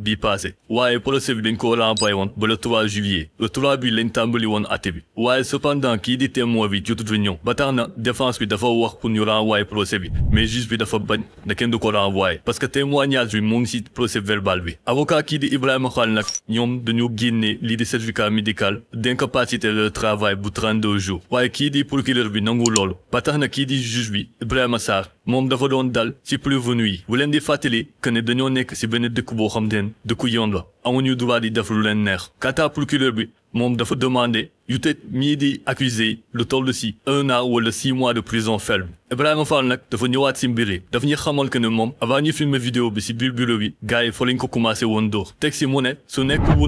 bi passé waaye procès bi dañ ko renvoyé woon ba le 3 juillet le 3 bi lañ tàmbali woon àtte bi waaye cependant kii di témoin bi jotutu ñëw ba tax na défense bi dafa wax pour ñu renvoyer procès bi mais juge bi dafa bañ na kenn du ko renvoyer parce que témoignage bi moo ngi ci procès verbal bi avocat kii di Ibrahima Khal nag ñoom dañoo génne lii di certificat médical d'incapacité de travail bu 32 jours waaye kii di procureur bi nangu loolu ba tax na kii di juge bi Ibrahima Sarr moom dafa doon dal ci prévenu yi bu leen di fàttali que ne dañoo nekk ci benn dëkk boo xam ne dëkku yoon la amuñu droit di def lu leen neex katapulkile bi Membre de demandé, mis des accusé, le tol de si, un an ou le six mois de prison ferme. Ibrahim Fall nak, dafa ñëwaat si mbir yi, de venir xamal que ne avant ñu filmer vidéo bi si bi, gars yi fa lañ ko commencé woon Taxi Teg si mu ne, su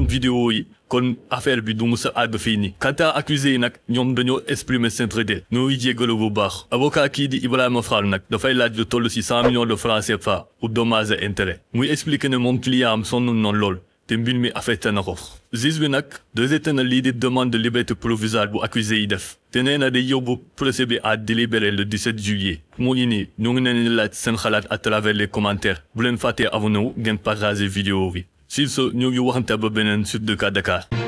vidéo kon affaire bi du musa àgg fii nii. Quant accusé nak, nag, ñoom dañoo exprimer seen Nous y jéggalu bu baax. Avocat Ibrahim, di Ibrahima Fall nag, dafay de lu de si 100 millions de francs CFA, ou dommage et intérêt. Muy expliquer ne moom client am son non lol. Timbin mi afetan ako. Zizwinak, dozetan na de demande de liberté provisoire bu accusé idef. tenena de yobu procédé à délibérer le 17 juillet. Moulini, nous n'en lat sen khalat à travers les commentaires. Boulen faté avounou, gen partage vidéo vi. S'il se, nous y waranta bebenen sud de Dakar.